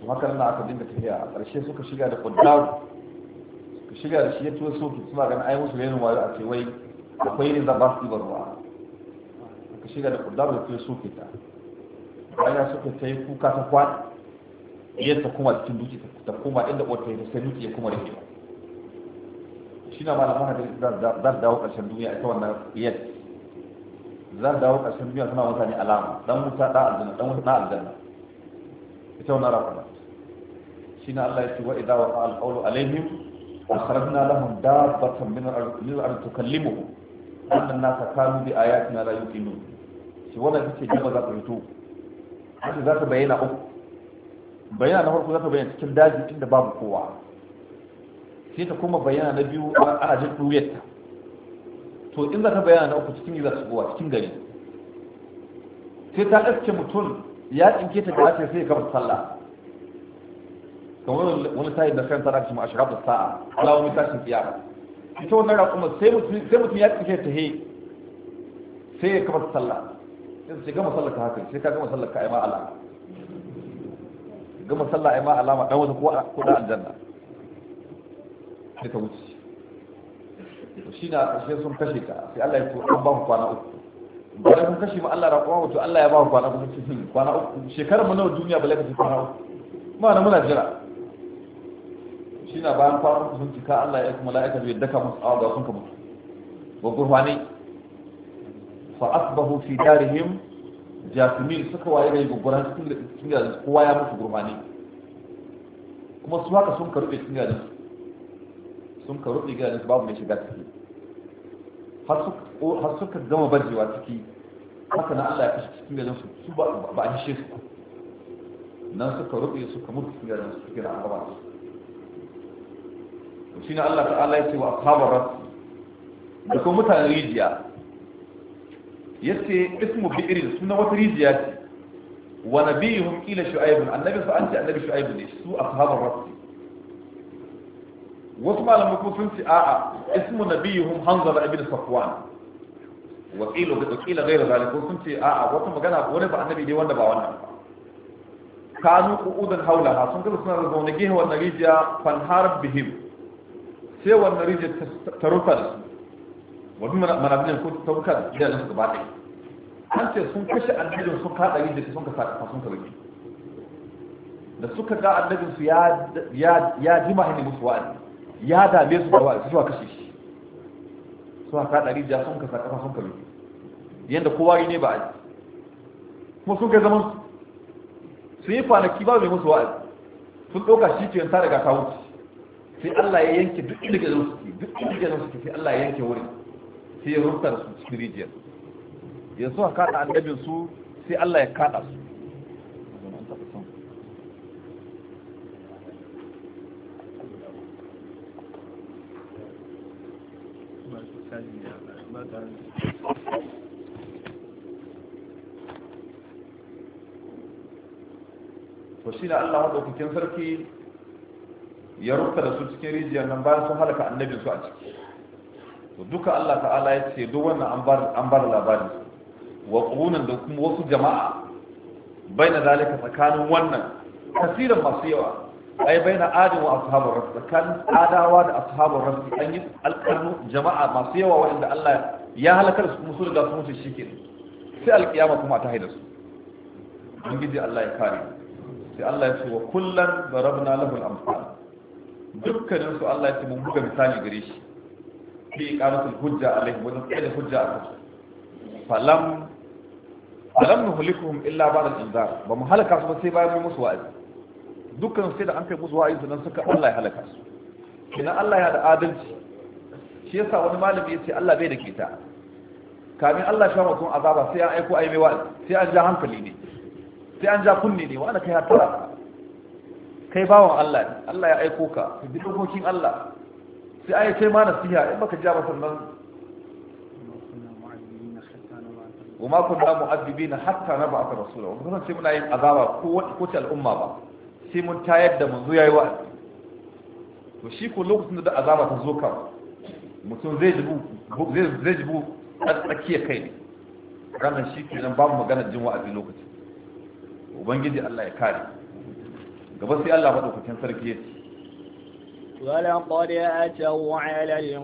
makarna haka aka dinga tafiya a ƙarshe suka shiga da ƙudaru shiga da shi ya tuwa soki suna gani ai musu renin wayo a ce wai akwai yin zaba su ɗiba ruwa ka shiga da kudar da tuwa soke ta bayan suka ta yi kuka ta kwan iya ta kuma cikin duki ta kuma inda wata yi sai duki ya kuma rike shi na mana hadin za dawo ƙarshen duniya ita wannan yadda Zan dawo ƙarshen duniya suna mutane alama dan wuta da aljanna dan wuta na aljanna ita wannan rafa shi na Allah ya ce wa idza wa al-qawlu alaihim أخرجنا لهم دابة من الأرض تكلمهم أن الناس كانوا بآياتنا لا يؤمنون shi wannan ita ce jama za ta fito haka za ta bayyana uku bayyana na farko za ta bayyana cikin daji inda babu kowa sai ta kuma bayyana na biyu ana jin ɗuriyarta to in za ta bayyana na uku cikin za su gowa cikin gari sai ta mutum ya tsinke ta sai sallah kamar wani sa'i da kan sadaka kuma ashraf da sa'a alawomin tashin kiyama ita wannan raƙuma sai mutum sai mutum ya tsike ta he sai ya kafa sallah sai ce gama sallah ka haka sai ka gama sallah ka aima alama gama sallah aima alama dan wata ko ko da aljanna sai ta wuce to shi na ƙarshe sun kashe ka sai Allah ya an ba mu kwana uku bayan sun kashe ma Allah raƙuma to Allah ya ba mu kwana uku kwana uku shekarar mu nawa duniya ka laifin kwana uku ma na muna jira shi bayan kwanan sun cika Allah ya kuma la'aikar bai daka musu awa ga sun ka mutu wa gurfani fa asbahu fi darihim jasmin suka waye rai gurguran cikin gidajen kowa ya musu gurfani kuma su haka sun ka rufe cikin gidajen sun ka rufe gidajen babu mai shiga ciki har suka gama barjewa ciki haka na Allah ya kashe cikin gidajen su ba a hishe su nan suka rufe suka mutu cikin gidajen su da an gaba su shi ne Allah ta'ala ya ce wa ashabar rasu da kuma mutanen rijiya ya ce ismu bi'iri suna wata rijiya ce wa nabiyuhum kila Shu'aibu? annabi fa ce annabi Shu'aibu ne su ashabar rasu wasu malamai kuma sun ce a'a ismu nabiyuhum hanzala ibn safwan wa qila wa qila ghayra zalika sun ce a'a wata magana wani ba annabi ne wanda ba wannan ba kanu qu'udan haulaha sun kaza suna da zaune gehe wannan rijiya fan fanhar bihim sai wannan rijiyar ta rufa da su wadda manazinin ko ta rufa da gidajen su gaba ɗaya an ce sun kashe annabin sun kaɗa rijiyar sun ka sa sun ka rufe da suka ga annabin su ya ji hini musu wa'adi ya dame su da wa'adi su kashe shi sun kaɗa rijiyar sun ka sa sun ka rufe yadda kowa yi ne ba a kuma sun kai zaman su yi kwanaki ba mai musu wa'adi sun ɗauka shi ke sa daga ta sai Allah ya yanke duk inda gidan suke duk inda gidan suke sai Allah ya yanke wurin sai ya rufe da su cikin rijiyar yanzu a kada annabin su sai Allah ya kada su to shi ne Allah maɗaukakin sarki ya rufta da su cikin rijiyar nan bayan sun halaka annabin su a ciki to duka Allah ta'ala ya ce duk wannan an bar labarin. wa qunan da kuma wasu jama'a baina zalika tsakanin wannan kasiran masu yawa ai baina adam wa ashabar rasul tsakanin adawa da ashabar rasul an yi alƙarnu jama'a masu yawa wanda Allah ya halakar su musu da su mutu shike sai alƙiyama kuma ta haida su ubangiji Allah ya kare sai Allah ya ce wa kullan darabna lahu al-amsal dukkanin su Allah ya ce mun buga misali gare shi bi iqamatul hujja alaihi wa da hujja a kansu falam falam nuhlikuhum illa ba'da al-inzar ba mu halaka su ba sai bayan musu wa'azi dukkan sai da an kai musu wa'azi sannan suka Allah ya halaka su kina Allah ya da adalci shi yasa wani malami yace Allah bai da kita kamin Allah shi mutum azaba sai an aiko ai mai wa'azi sai an ja hankali ne sai an ja kunni ne wa ana kai hatara kai bawan Allah ne Allah ya aiko ka ka bi dokokin Allah sai ai sai ma nasiha in baka ja ba sannan wa ma kunna mu'adhibina hatta nab'atha rasula wa kuma sai muna yin azaba ko ko ta al'umma ba sai mun tayar da manzo yayi wa to shi ko lokacin da azaba ta zo ka, mutum zai jibu zai zai jibu tsakiyar kai ne ranar shi kenan nan mu magana jin wa'azi lokacin ubangiji Allah ya kare gaba sai Allah madaukakin sarki yace ولقد أتوا على القرية التي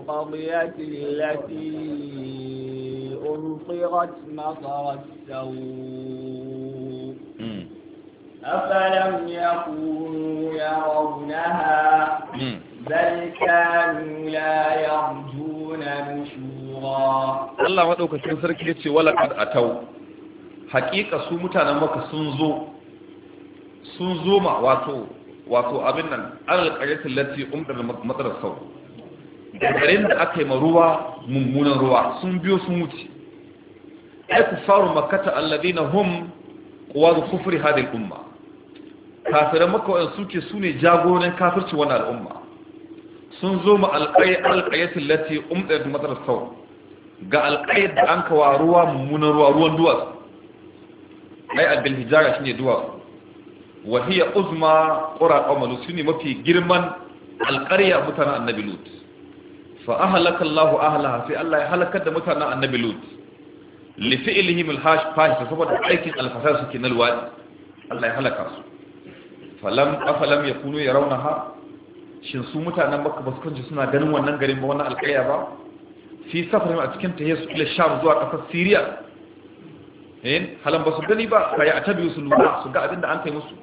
أمطرت مطر السوء أفلم يكونوا يرونها بل كانوا لا يرجون نشورا الله مدوكاkin sarki yace walaqad ataw haqiqa حقيقة سو متانا sun zo sun zoma wato wato abin nan alƙaryatin lati umdar matsalar sau garin da aka yi ma ruwa mummunan ruwa sun biyo sun wuce ai ku faru makata alladina hum kuwar kufuri hadin umma kafiran makawan suke su ne jagoran kafirci wani al'umma sun zo ma alƙayyatin lati umdar matsalar sau ga alƙayyar da an kawa ruwa mummunan ruwa ruwan duwatsu ai albil hijara shi ne duwatsu wa hiya uzma qura qamalu sune mafi girman alqarya mutanen annabi lut fa ahlaka Allahu ahlaha sai Allah ya halakar da mutanen annabi lut li fi'lihim alhash fahisha saboda aikin alfasar suke na luwadi Allah ya halaka su falam afalam yakunu yarawnaha shin su mutanen makka ba su kanci suna ganin wannan garin ba wannan alqarya ba fi safarin a cikin ta yesu ila sham zuwa kasar syria eh halan ba su gani ba kai a tabiyu su lura su ga abinda an kai musu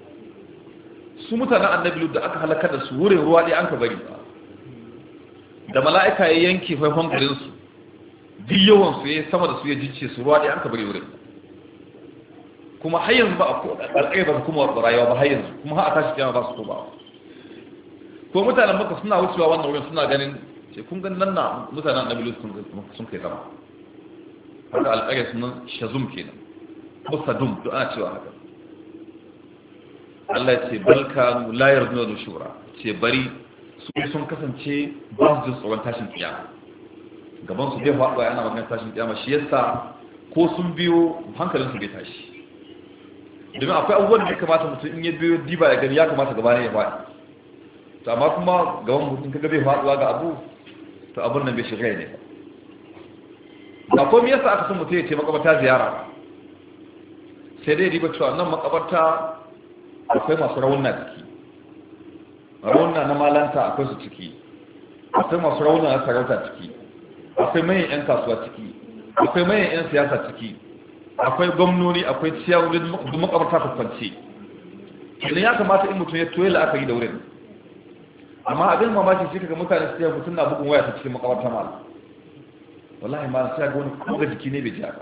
su mutanen annabi da aka halaka da su wurin ruwa ɗaya an ka bari da mala'ika ya yanke faifan garinsu duk yawan su ya sama da su ya jice su ruwa ɗaya an ka bari wurin kuma har yanzu ba a ƙarƙai ba su kuma rayuwa ba har yanzu kuma har a tashi kiyama ba su ba. ko mutanen maka suna wucewa wannan wurin suna ganin ce kun gan nan na mutanen annabi sun kai zama. haka alƙarya sunan shazum kenan musadum duk ana cewa haka Allah ce bal layar zuwa da shura ce bari su sun kasance ba su jin tsoron tashin kiyama gaban su bai faɗuwa yana magana tashin kiyama shi yasa ko sun biyo hankalinsu bai tashi domin akwai abubuwan da ya kamata mutum in ya biyo diba ya gani ya kamata gaba ne ya faɗi to amma kuma gaban mutum kaga bai faɗuwa ga abu to abun nan bai shiga ne ba ko me yasa aka san mutum ya ce makabarta ziyara sai dai riba cewa nan makabarta akwai masu rauna ciki rauna na malanta akwai su ciki akwai masu rauna na sarauta ciki akwai manyan 'yan kasuwa ciki akwai manyan 'yan siyasa ciki akwai gwamnoni akwai ciyarwar makamarta kwakwanci idan ya kamata in mutum ya toye yi da wurin amma abin mamaki shi kaga mutane su yau mutum na bugun waya ta cikin makamarta ma wallahi ma sai ga wani kuma jiki ne bai ji ba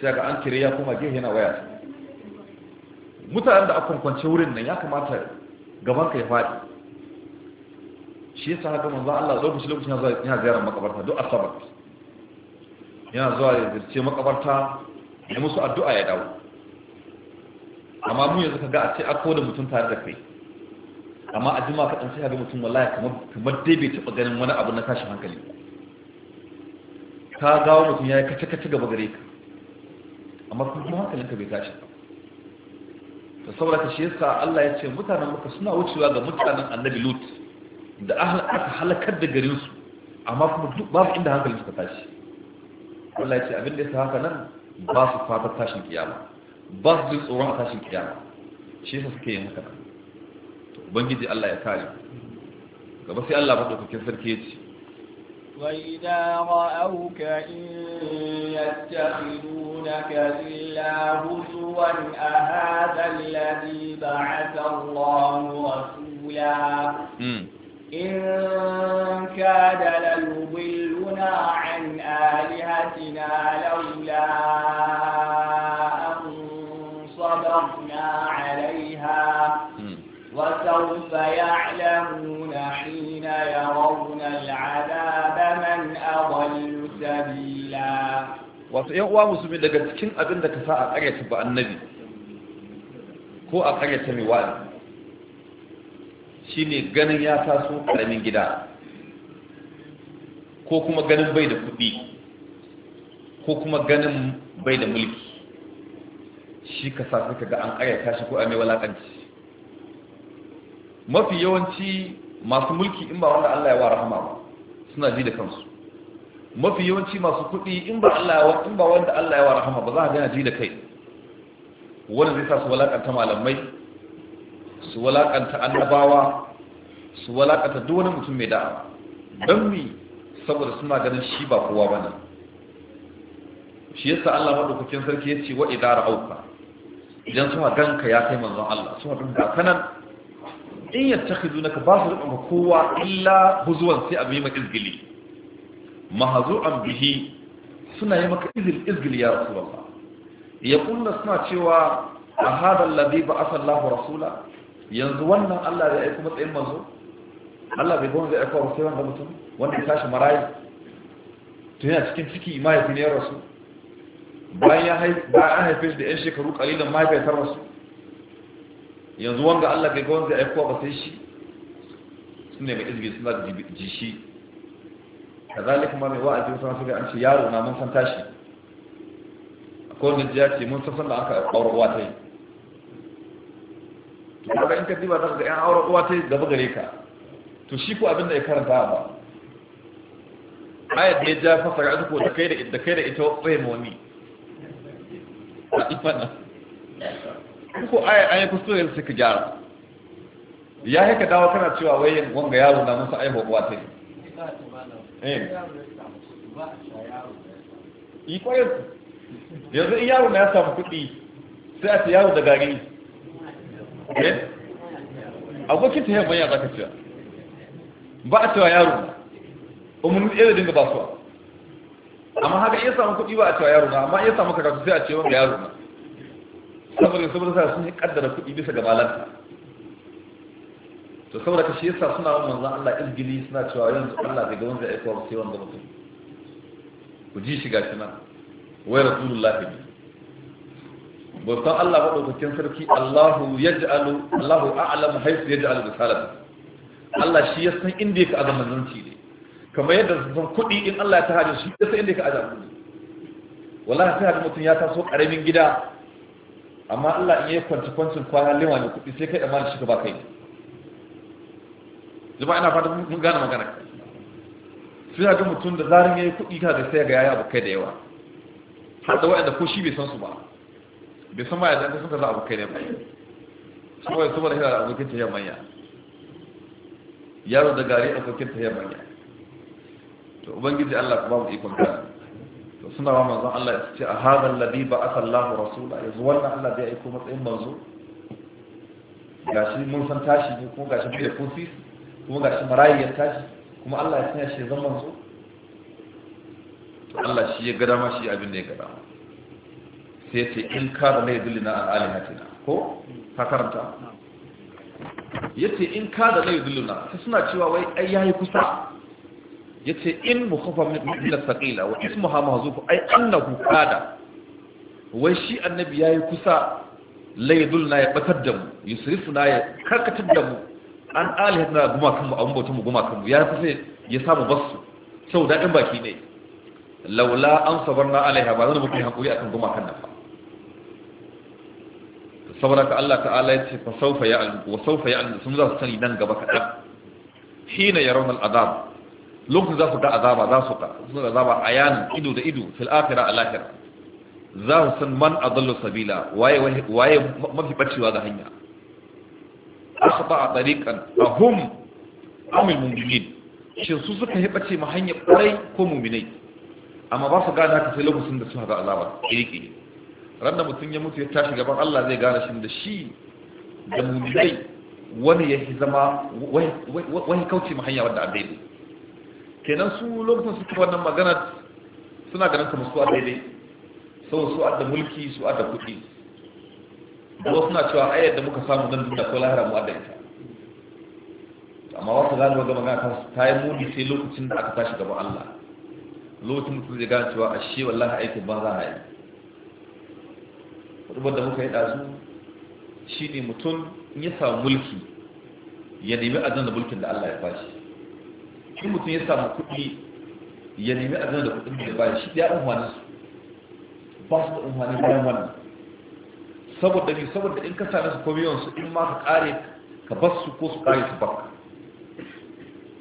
sai ga an kire ya kuma gehe na waya mutanen da aka kwance wurin nan ya kamata gaban ka ya faɗi shi yasa haka manzo Allah lokaci lokacin yana ziyarar makabarta duk asabar yana zuwa ya zirce makabarta ya musu addu'a ya dawo amma mu yanzu kaga a ce a kowane mutum tare da kai amma a jima kaɗan sai ga mutum wallahi kamar kamar dai bai taɓa ganin wani abu na tashin hankali ka gawo mutum ya yi kace kace gaba gare ka amma kuma hankalinka bai tashi ba da saurata shi yasa Allah ya ce mutanen maka suna wucewa ga mutanen annabi lut da aka halakar da garinsu amma kuma duk babu inda hankalin suka tashi Allah ya ce abin da yasa haka nan ba su fata tashin kiyama ba su jin tsoron tashin kiyama shi yasa suke yin haka nan ubangiji Allah ya kare gaba sai Allah dokokin sarki ya ce وإذا رأوك إن يتخذونك إلا هزوا أهذا الذي بعث الله رسولا إن كاد ليضلنا عن آلهتنا لولا أن صبرنا عليها وسوف يعلمون حين يرون العذاب من أضل سبيلا wasu ‘yan uwa musulmi daga cikin abin da ka sa a karyata ko a karyata mai wa'azi shi ne ganin ya taso ƙaramin gida ko kuma ganin bai da kuɗi ko kuma ganin bai da mulki shi ka sa suka ga an karyata tashi ko a mai walaƙanci mafi yawanci masu mulki in ba wanda Allah ya wa rahama ba suna ji da kansu mafi yawanci masu kuɗi in ba Allah in ba wanda Allah ya wa rahama ba za a gana ji da kai wanda zai sa su walakanta malamai su walakanta annabawa su walakanta duk wani mutum mai da'a dan mi saboda suna ganin shi ba kowa ba ne shi yasa Allah maɗaukakin sarki ya ce wa idara auka idan suka ganka ya kai manzon Allah suka ganka kanan in yattakhizu ba su rika kowa illa huzuwan sai abu yi maka izgili mahazu'an bihi suna yi maka izil izgili ya rasulullah ya kunna suna cewa a hada alladhi ba'atha Allahu rasula yanzu wannan Allah ya aika matsayin manzo Allah bai gwamnati ya aika wa sai wanda mutum wanda ya tashi marayi to yana cikin ciki imayi ne ya bayan ya haife shi da yan shekaru kalilan mahaifiyar rasu yanzu wanga Allah kai kawai wanda ya aikowa ba sai shi sun ne mai izbi suna ji shi a zalika ma mai wa'azi wasu masu an yaro na mun san tashi akwai kowane jiya ce mun san sanda aka aure uwa ta yi to kaga in ka diba za ka ga yan aure uwa ta yi gaba gare ka to shi ko abin da ya karanta ba a yadda ya ja fasara ko da kai da ita tsaye ma wani a ko aya aya so yin suka jara ya haka dawo kana cewa wai wanga yaro na musu aihuwa ba ta yi yi eh. kwayar yanzu in yaro na ya samu kuɗi sai a ce yaro da gari eh? abokin ta yamma ya ba ka cewa ba a cewa yaro Umarnin umarni ɗaya dinga ba suwa amma haka iya samu kuɗi ba a cewa yaro na amma iya samu karatu sai a ce wanga yaro na saboda saboda sa sun yi kaddara kuɗi bisa ga malam to saboda ka shi yasa suna wa manzon Allah izgili suna cewa yanzu Allah daga wanda ya aika sai wanda mutum ku ji shiga kina wai rasulullahi ne ba san Allah ba dokokin sarki Allahu ya yaj'alu Allahu a'lam haythu yaj'alu risalata Allah shi ya san inda yake azan manzanci ne kamar yadda san kuɗi in Allah ya ta hajji shi ya san inda yake azan wallahi sai hajji mutum ya taso ƙaramin gida amma Allah in yi kwanci kwancin kwana lewa ne kuɗi sai kai da shi ka ba kai jama'a ina fata mun gane magana sai ga mutum da zarin yayi kuɗi ka da sai ga yayi abu kai da yawa har da wanda ko shi bai san su ba bai san ma yadda suka sun abu kai ne ba saboda saboda yana da abokin tafiya manya yaro da gari abokin tafiya manya to ubangiji Allah ku ba mu ikon kana suna wa manzon Allah ya ce a hadan ladhi ba asallahu rasula yanzu wannan Allah zai aiko matsayin manzo gashi mun san tashi ne kuma gashi bai ko sisi kuma gashi marayiyar tashi kuma Allah ya sanya shi zan manzo Allah shi ya gada ma shi abin da ya gada sai ce in ka kana la yudlina an alihatina ko ka karanta yace in ka kana la yudlina sai suna cewa wai ai yayi kusa yace in mukhafa min al-thaqila wa ismuha mahzuf ay annahu kada wai shi annabi yayi kusa na ya batar da mu yusrifuna ya karkatar da mu an na alihatna gumakan mu an bautu mu gumakan mu ya kusa ya samu basu sau dadin baki ne laula an sabarna alaiha ba zan muke hakuri akan gumakan nan ba saboda ka Allah ta'ala ya ce fa sawfa ya'lamu wa sawfa ya'lamu sun za su sani nan gaba kaɗan. hina yarawna al-adab lokacin za su ga azaba za su ga sun azaba a yanin ido da ido fil akhirah al akhirah za su san man adallu sabila waye waye mafi bacewa ga hanya a tariqan ahum amil mu'minin shi su suka yi bace ma hanya kwarai ko mu'minai amma ba su gane haka sai lokacin da su ga azaba kike ranar mutum ya mutu ya tashi gaban Allah zai gane shi da shi da mu'minai wani ya zama wani kauce ma hanya wadda a daidai kenan su lokacin suke wannan magana suna ganin kamar su a daidai sau su a da mulki su a da kuɗi da wasu na cewa ayyar da muka samu nan duka ko lahira mu a da ita amma wata gani wajen magana ta yi muni sai lokacin da aka tashi gaba Allah lokacin mutum zai gane cewa a shi wallahi aikin ba za a yi rubar da muka yi ɗazu shi ne mutum in ya samu mulki ya nemi a da mulkin da Allah ya fashi in mutum ya samu kuɗi ya nemi azana da kuɗin da bayan shi ɗaya unhwanin su ba su da unhwanin bayan wannan saboda ne saboda in ka same su komiyon su in ma ka ƙare ka ba su ko su ƙare su baka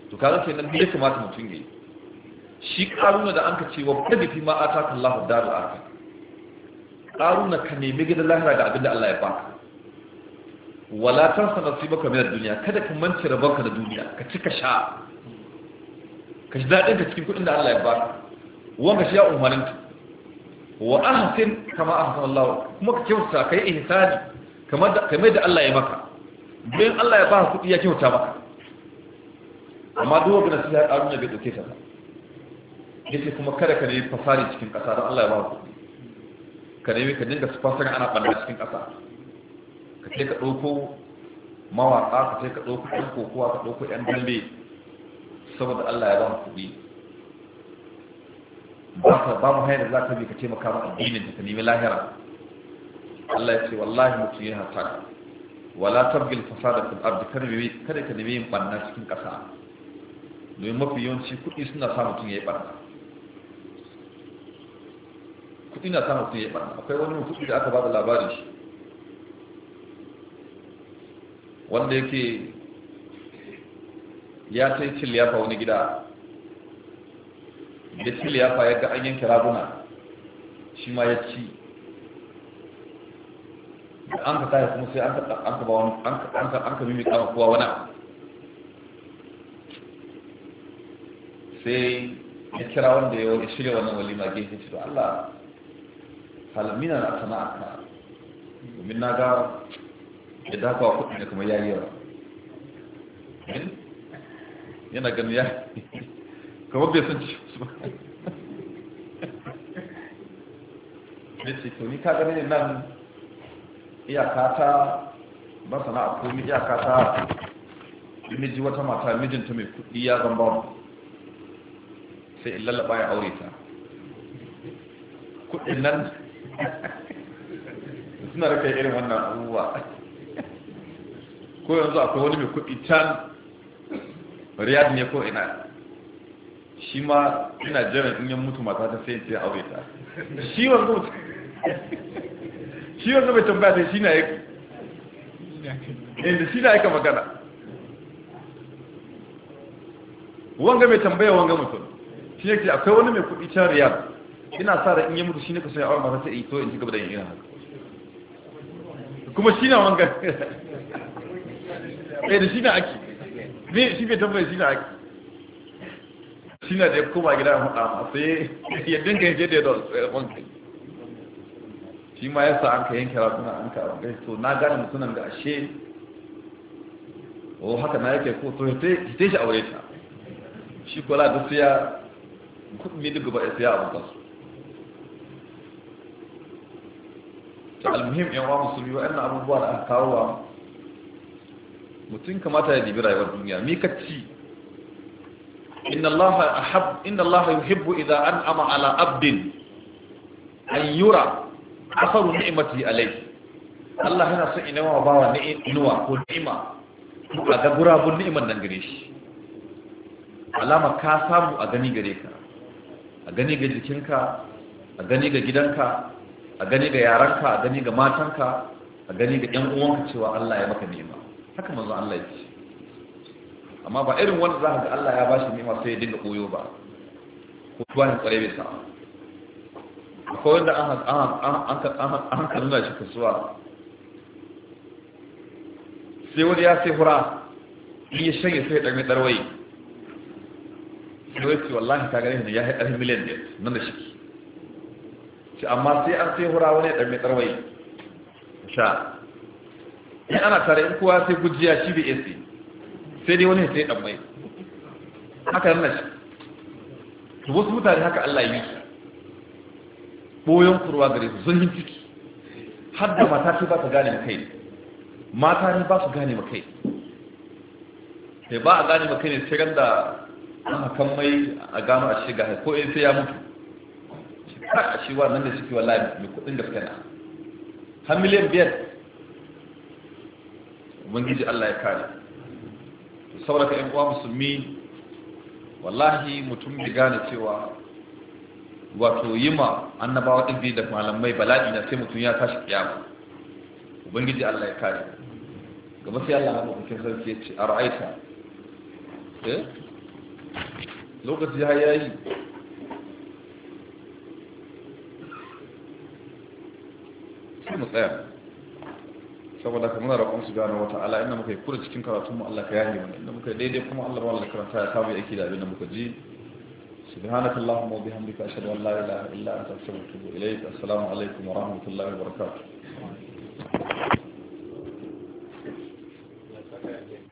to kaga kenan nan ya kamata mutum ya yi shi ƙaruna da an ka ce wa kada fi ma ataka Allahu da akhir ƙaruna ka nemi gidan lahira da abin da Allah ya baka wala tansa nasibaka min ad duniya, kada ka mance rabanka da duniya ka cika sha ka ji daɗin ka cikin kuɗin da Allah ya baka wanda shi ya umarnin ka wa ahsin kama ahsan Allah kuma ka kyauta kai ihsani kamar da kamar da Allah ya maka bayan Allah ya baka kuɗi ya kyauta maka amma duk wanda nasiha Harun ya bai dauke ta yace kuma kada ka nemi fasari cikin ƙasa don Allah ya baka kuɗi ka nemi ka dinga sponsor ana ɓanna cikin ƙasa ka ce ka ɗauko mawaƙa ka ce ka ɗauko ɗan kokowa ka ɗauko ɗan dambe saboda Allah ya ba mu kuɗi ba ka ba mu hanyar za ka bi ka taimaka ma addinin ka nemi lahira Allah ya ce wallahi mutum yana tara wala tabgil fasada fil ardi kada ka nemi yin banna cikin ƙasa domin mafi yawanci kuɗi suna sa mutum ya yi barna kuɗi na sa mutum ya yi barna akwai wani kuɗi da aka ba da labarin shi wanda yake ya ta yi ciliyafa wani gida da ciliyafa ya ga an yanke shi ma ya ci da an ka tashi kuma sai an ka ba wani an ka mimi kama kowa wani sai ya kira wanda ya shirya wannan walima gefe ce to Allah halamina na sana'a ka domin na ga da dakawa kuɗi da kuma yayi yawa yana ganin ya kamar bai san su ba ne ce to ni ka ne nan iyaka ta ba sana'a komi iyaka ta miji wata mata mijinta mai kudi ya zan mu, sai in lallaba ya aure ta kudin nan suna rufe irin wannan abubuwa ko yanzu akwai wani mai kudi can riyad ne ko ina shi ma ina jiran in yan mutu mata ta sai ta aure ta shi wanzu mutu shi wanzu bai tambaya sai shi na ya inda eh, shi na yake magana wanga mai tambaya wanga mutum shi ne yake akwai wani mai kuɗi can riyad ina sa da in yi mutu shi ne ka sai aure mata yi to in ci gaba da yin haka kuma shi na wanga ɗaya eh, da shi na ake zai shi bai tambaye shi na haƙi shi na da ya koma gida ya faɗa ma sai ya dinga yanke da ya ɗauka kai shi ma ya sa an ka yanke ratuna an ka rangai to na gane mutunan da ashe o oh, haka na yake ko sai to hite shi aure ta shi kwala da siya kudin duk gaba ya siya a wankan su ta almuhim yan wa musulmi wa ina abubuwa da aka kawo wa mutum kamata ya dibi rayuwar duniya Mi ka ci inna allaha ahab inna allaha yuhibbu idha an'ama ala abdin an yura asaru ni'mati alai. Allah yana son inawa bawa ni'ima ko ni'ima a ga gurabun ni'imar nan gare shi alama ka samu a gani gare ka a gani ga jikinka a gani ga gidanka a gani ga yaranka a gani ga matanka a gani ga 'yan uwanka cewa Allah ya maka ni'ima. haka manzo Allah yake amma ba irin wanda za ka ga Allah ya shi nema sai ya dinga koyo ba ko ne tsare bai sa'a akwai wanda an ka nuna shi kasuwa sai wani ya sai hura in ya shanye sai ya ɗarmi ɗarwayi sai wai wallahi ta gani ya haɗar miliyan ne nan da shi amma sai an sai hura wani ya ɗarmi ɗarwayi sha in ana tare in kowa sai gujiya shi bai esi sai dai wani sai dan mai haka nan shi to wasu mutane haka Allah ya yi su boyon kurwa gare su zuhin ciki har da mata ce ba ta gane makai ne mata ne ba su gane makai sai ba a gane kai ne sai da an hakan mai a gano a shiga ko in sai ya mutu shi kar a shi wa nan da suke wallahi mai kudin gaske na har miliyan biyar ubangiji Allah ya kare to saboda ƴan uwa musulmi wallahi mutum bai gane cewa wato yima annabawa ɗin biyu da malamai bala'i na sai mutum ya tashi kiyama ubangiji Allah ya kare gaba sai Allah ya cikin sarki ya ce a ra'aita eh? lokaci ya yayi sai mu tsaya saboda ka muna roƙon su gane wata ala inda muka yi kura cikin karatun mu Allah ka yahi mana inda muka daidai kuma Allah ba Allah karanta ya samu yake da abin da muka ji subhanaka allahumma wa bihamdika ashhadu an la ilaha illa anta astaghfiruka wa atubu ilayk assalamu alaikum wa rahmatullahi wa barakatuh